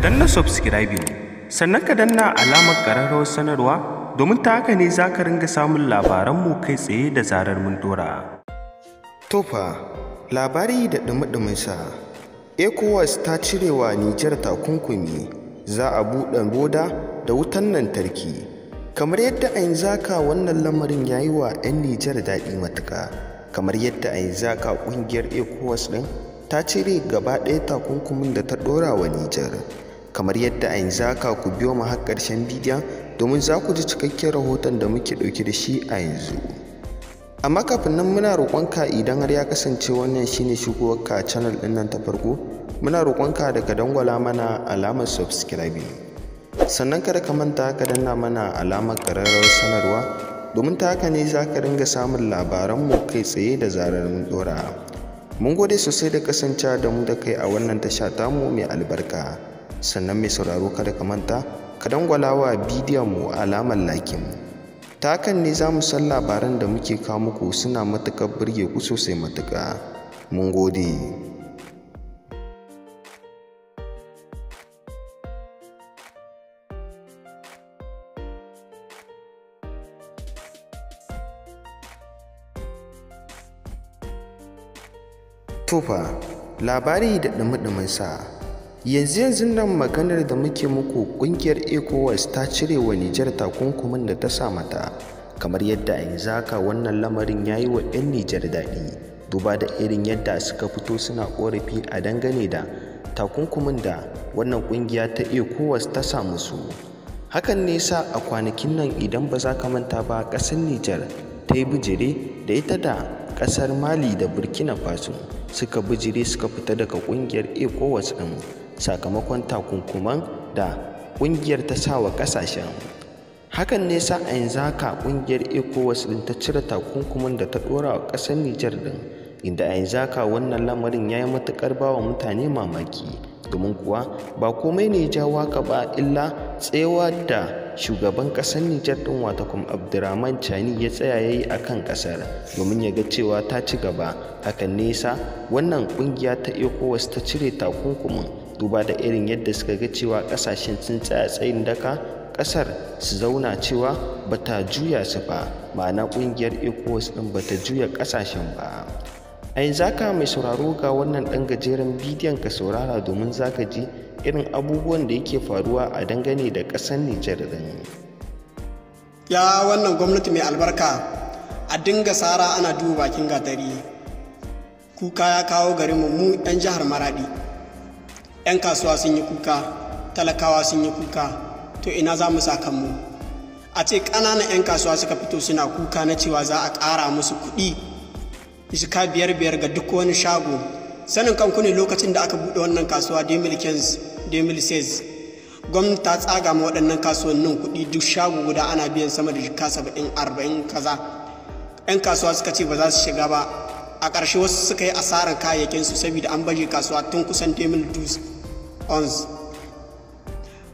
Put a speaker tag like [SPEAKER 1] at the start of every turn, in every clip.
[SPEAKER 1] ka danna subscribing sannan ka danna alamar ƙararrawar sanarwa domin ta haka ne za ka ringa samun labaranmu kai tsaye da zarar mun dora. Tofa labari da ɗumi-ɗuminsa ECOWAS ta cirewa Nijar takunkumi za a buɗe boda da wutan lantarki. Kamar yadda a yanzu wannan lamarin ya yi wa 'yan Nijar daɗi matuƙa. Kamar yadda a yanzu ƙungiyar ECOWAS ɗin ta cire gaba ɗaya takunkumin da ta ɗora wa Nijar. kamar yadda a yanzu haka ku biyo mu har ƙarshen bidiyon domin za ku ji cikakken rahoton da muke ɗauke da shi a yanzu amma kafin nan muna roƙonka idan har ya kasance wannan shine shigowar a channel ɗin nan ta farko muna roƙonka da ka dangwala mana alamar subscribing sannan kada ka manta ka danna mana alamar ƙararrawar sanarwa domin ta haka ne za ka ringa samun labaran labaranmu kai tsaye da zarar mun ɗora mun gode sosai da kasancewa da mu da kai a wannan tasha tamu mai albarka sannan mai sauraro kada ka manta ka dangwala wa bidiyon mu alamar lakin ta hakan ne za mu san labaran da muke kawo muku suna matuƙar burge ku sosai matuƙa mun gode Tufa labari da ɗumi-ɗumin sa yanzu yanzu nan maganar da muke muku kungiyar ecowas ta cire wa nijar takunkumin da ta sa mata kamar yadda a yanzu haka wannan lamarin ya yi wa 'yan nijar daɗi duba da irin yadda suka fito suna korafi a dangane da takunkumin da wannan kungiya ta ecowas ta sa musu hakan ne sa a kwanakin nan idan ba za ka manta ba ƙasar nijar ta yi bijire da ita da ƙasar mali da burkina faso suka bijire suka fita daga ƙungiyar ecowas ɗin sakamakon takunkuman da ƙungiyar ta sa wa ƙasashen hakan ne sa a yanzu haka ƙungiyar ecowas din ta cire takunkumin da ta ɗora wa ƙasar nijar ɗin inda a yanzu haka wannan lamarin ya yi matukar ba wa mutane mamaki domin kuwa ba komai ne ja waka ba illa tsewa da shugaban ƙasar nijar ɗin kuma abdurrahman chani ya tsaya ya yi a kan ƙasar domin ya ga cewa ta ci gaba hakan nesa wannan ƙungiya ta ecowas ta cire takunkuman. duba da irin yadda suka ga cewa kasashen sun tsaya tsayin daka kasar su zauna cewa bata juya su ba ma'ana kungiyar ecowas din ta juya kasashen ba a yanzu haka mai sauraro ga wannan ɗan gajeren bidiyon ka saurara domin zaka ji irin abubuwan da yake faruwa a dangane da ƙasar nijar din
[SPEAKER 2] ya wannan gwamnati mai albarka a dinga sara ana duba bakin gatari kuka ya kawo garinmu mu 'yan jihar maradi 'yan kasuwa sun yi kuka talakawa sun yi kuka to ina za mu kanmu a ce ƙananan 'yan kasuwa suka fito suna kuka na cewa za a ƙara musu kuɗi shika biyar biyar ga duk wani shago sanin kanku ne lokacin da aka buɗe wannan kasuwa 2015 gwamnati ta tsaga ma waɗannan kasuwannin kuɗi duk shago guda ana biyan sama da jika saba'in arba'in kaza 'yan kasuwa suka ce ba za su shiga ba a ƙarshe wasu suka yi asarar su saboda an baje kasuwa tun kusan 10,000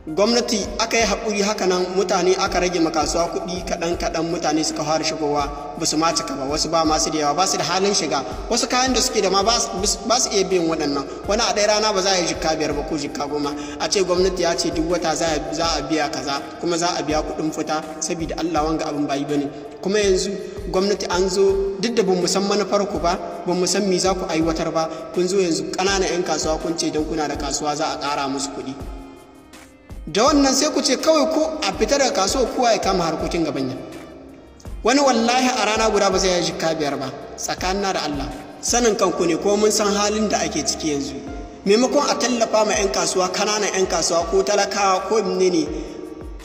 [SPEAKER 2] gwamnati aka yi haƙuri hakanan mutane aka rage makasuwa kuɗi kaɗan kaɗan mutane suka fara shigowa ba su ma cika ba wasu ba masu da yawa ba su da halin shiga wasu kayan da suke da ma ba su iya biyan waɗannan wani a ɗaya rana ba za a yi jikka biyar ba ko jikka goma a ce gwamnati ya ce duk wata za a biya kaza kuma za a biya kuɗin fita saboda Allah wanga abin bayi ne kuma yanzu gwamnati an zo duk da ban san manufar ku ba ban san me za ku aiwatar ba kun zo yanzu ƙananan 'yan kasuwa kun ce don kuna da kasuwa za a ƙara musu kuɗi da wannan sai ku ce kawai ko a fita daga kasuwa ko ya kama harkokin gaban wani wallahi a rana guda ba zai yi jikka biyar ba tsakanin da Allah sanin kanku ne ko mun san halin da ake ciki yanzu maimakon a tallafa ma 'yan kasuwa kananan 'yan kasuwa ko talakawa ko menene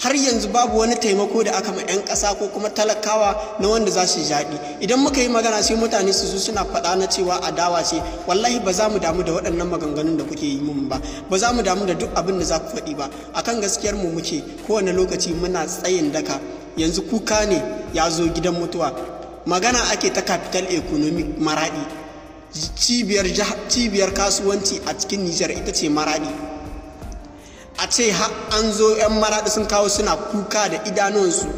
[SPEAKER 2] har yanzu babu wani taimako da aka ma 'yan ƙasa ko kuma talakawa na wanda za su jaɗi idan muka yi magana sai mutane su zo suna faɗa na cewa adawa ce wallahi ba za mu damu da waɗannan maganganun da kuke yi mun ba ba za mu damu da duk abin da za ku faɗi ba akan gaskiyar mu muke kowane lokaci muna tsayin daka yanzu kuka ne ya zo gidan mutuwa magana ake ta capital economic maraɗi cibiyar kasuwanci a cikin nijar ita ce maraɗi. a ce an zo 'yan maraɗi sun kawo suna kuka da idanunsu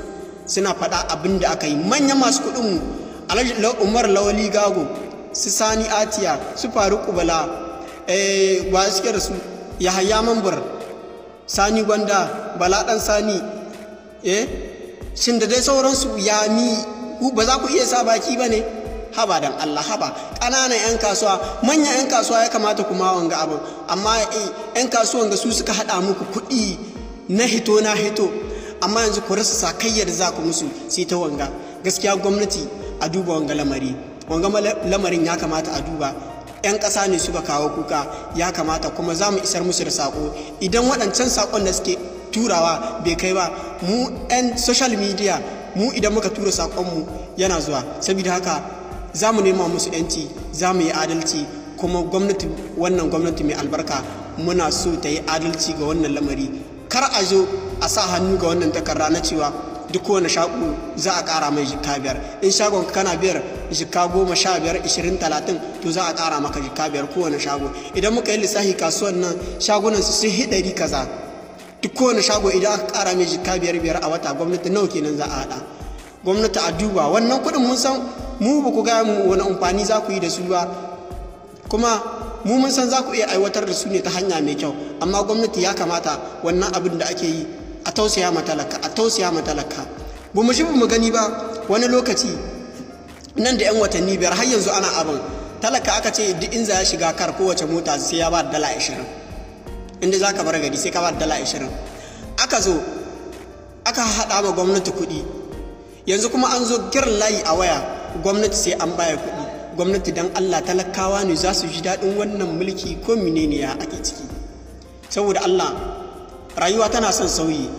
[SPEAKER 2] suna faɗa abin da aka yi manyan masu kuɗin alhaji umar lawali gago su sani atiya su faru kubala ba eh, su da su haya mambar sani gwanda baladan sani eh shin da dai sauransu yami ba za ku iya sa baki ba ne haba dan Allah haba ƙananan 'yan kasuwa manyan 'yan kasuwa ya kamata kuma wanga abin amma eh, 'yan kasuwan ga su suka haɗa muku kuɗi na hito na hito amma yanzu ku rasa sakayyar za ku musu sai ta wanga gaskiya gwamnati a duba wanga lamari wanga lamarin ya kamata a duba 'yan ƙasa ne suka kawo kuka ya kamata kuma za mu isar musu da sako idan waɗancan sakon da suke turawa bai kai ba mu 'yan social media mu idan muka tura saƙonmu yana zuwa saboda haka za mu nema musu yanci za mu yi adalci kuma gwamnati wannan gwamnati mai albarka muna so ta yi adalci ga wannan lamari kar a zo a sa hannu ga wannan takarda na cewa duk wani shago za a ƙara mai jikka biyar in shagon kana biyar jikka goma sha biyar ishirin talatin to za a ƙara maka jikka biyar kowane shago idan muka yi lissafi kasuwan nan shagunan su sun hi ɗari kaza duk kowane shago idan aka ƙara mai jikka biyar biyar a wata gwamnati nawa kenan za a haɗa gwamnati a duba wannan kuɗin mun san mu ba ku gaya mu wani amfani za ku yi da su ba kuma mu mun san za ku iya aiwatar da su ne ta hanya mai kyau amma gwamnati ya kamata wannan abin da ake yi a tausaya matalaka a tausaya matalaka ba mu shi mu gani ba wani lokaci nan da 'yan watanni biyar har yanzu ana abin talaka aka ce duk in za ya shiga kar kowace mota sai ya ba dala ashirin inda za ka bar gari sai ka ba dala ashirin aka zo aka haɗa ma gwamnati kuɗi yanzu kuma an zo girin layi a waya gwamnati sai an baya kuɗi gwamnati don allah talakawa ne za su ji daɗin wannan mulki ko menene ya ake ciki saboda allah rayuwa tana son sauyi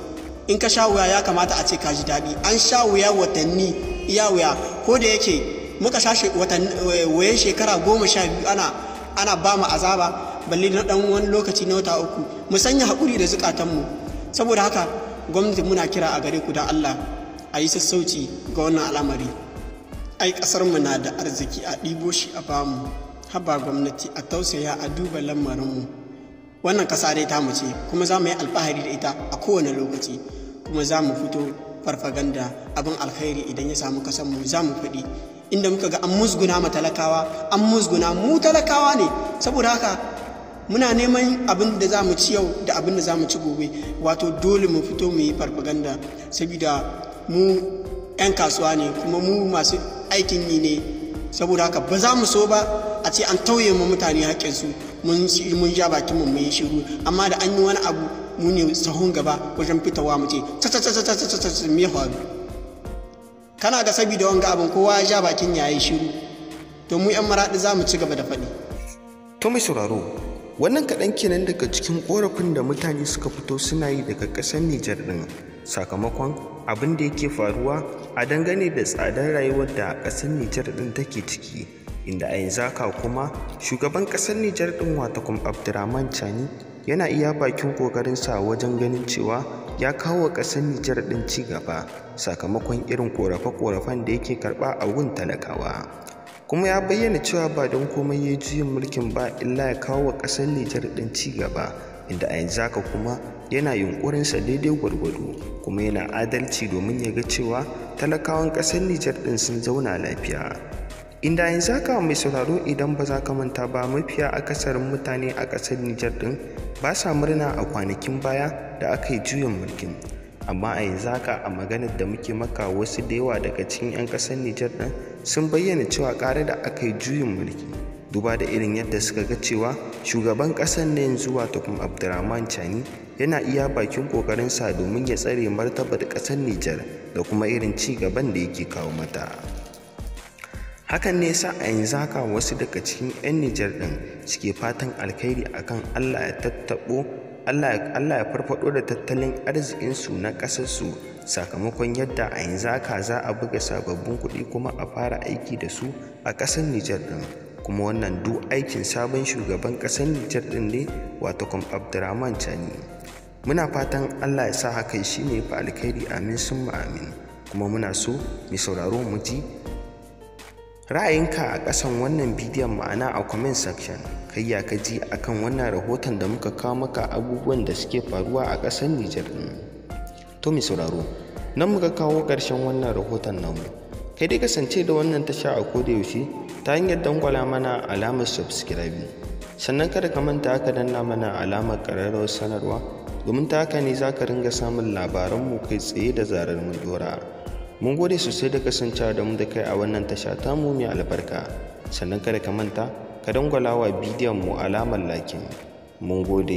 [SPEAKER 2] in ka sha wuya ya kamata a ce ka ji daɗi an sha wuya watanni iya wuya ko da yake muka sha eh, waye shekara goma sha biyu ana ana ba mu azaba balle na ɗan wani lokaci na wata uku mu sanya haƙuri da zukatanmu saboda haka gwamnati muna kira a gare ku da allah a yi sassauci ga wannan al'amari ai ƙasarmu na da arziki a ɗibo shi a bamu haba gwamnati a tausaya a duba lamarinmu wannan ƙasa dai ta ce kuma za mu yi alfahari da ita a kowane lokaci kuma za mu fito farfaganda abin alkhairi idan ya samu mu za mu faɗi inda muka ga an musguna ma talakawa an musguna mu talakawa ne saboda haka muna neman abin da za mu ci yau da abin da za mu ci gobe wato dole mu fito mu yi farfaganda saboda mu 'yan kasuwa ne kuma mu masu aikin yi ne saboda haka ba za mu so ba a ce an tauye mu mutane haƙƙinsu mun ja bakin mu yi shiru amma da an yi wani abu mu ne sahun gaba wajen fitowa mu ce me faru kana ga sabida wanga abin kowa ya ja bakin ya yi shiru to mu yan maraɗi za mu ci gaba da faɗi. to mai sauraro wannan kaɗan kenan daga cikin korafin da mutane suka
[SPEAKER 1] fito suna yi daga ƙasar nijar ɗin sakamakon abin da yake faruwa a dangane da tsadar rayuwar da ƙasar nijar ɗin take ciki inda a yanzu haka kuma shugaban ƙasar nijar ɗin watakwam abdurrahman chani yana iya bakin ƙoƙarinsa wajen ganin cewa ya kawo ƙasar nijar ɗin ci gaba sakamakon irin ƙorafe-ƙorafen da yake karɓa a gun talakawa kuma ya bayyana cewa ba don komai ya juyin mulkin ba illa ya kawo ƙasar nijar ɗin ci gaba inda a yanzu haka kuma yana yunkurinsa daidai gwargwado kuma yana adalci domin ya ga cewa talakawan ƙasar nijar ɗin sun zauna lafiya inda yanzu haka mai sauraro idan ba za ka manta ba mafiya a akasarin mutane a ƙasar nijar ɗin ba sa murna a kwanakin baya da aka yi juyin mulkin amma a yanzu haka a maganar da muke maka wasu da yawa daga cikin 'yan ƙasar nijar ɗin sun bayyana cewa ƙara da aka yi juyin mulki duba da irin yadda suka ga cewa shugaban ƙasar ne yanzu wato kuma abdurrahman chani yana iya bakin ƙoƙarinsa domin ya tsare martabar ƙasar nijar da kuma irin ci gaban da yake kawo mata hakan ne sa a yanzu haka wasu daga cikin 'yan nijar ɗin suke fatan alkhairi akan allah ya tattaɓo allah ya farfaɗo da tattalin arzikinsu na ƙasarsu sakamakon yadda a yanzu haka za a buga sababbin kuɗi kuma a fara aiki da su a ƙasar nijar ɗin kuma wannan duk aikin sabon shugaban ƙasar nijar ɗin ne wato kwam abdurrahman chani muna fatan allah ya sa hakan shi ne fa alkhairi amin sun amin kuma muna so mai sauraro mu ji ra'ayinka a ƙasan wannan bidiyon ma'ana a comment section kai ya ka ji a kan wannan rahoton da muka kawo maka abubuwan da suke faruwa a ƙasar nijar ɗin to mai sauraro nan muka kawo ƙarshen wannan rahoton namu kai dai kasance da wannan tasha a koda yaushe ta hanyar dangwala mana alamar subscribe sannan kada ka manta aka danna mana alamar ƙararrawar sanarwa domin ta haka ne za ka ringa samun labaranmu kai tsaye da zarar mu dora mun gode sosai da kasancewa da mu da kai a wannan tasha tamu mai albarka sannan kada ka manta ka dangwala wa bidiyon mu alamar lakin mun gode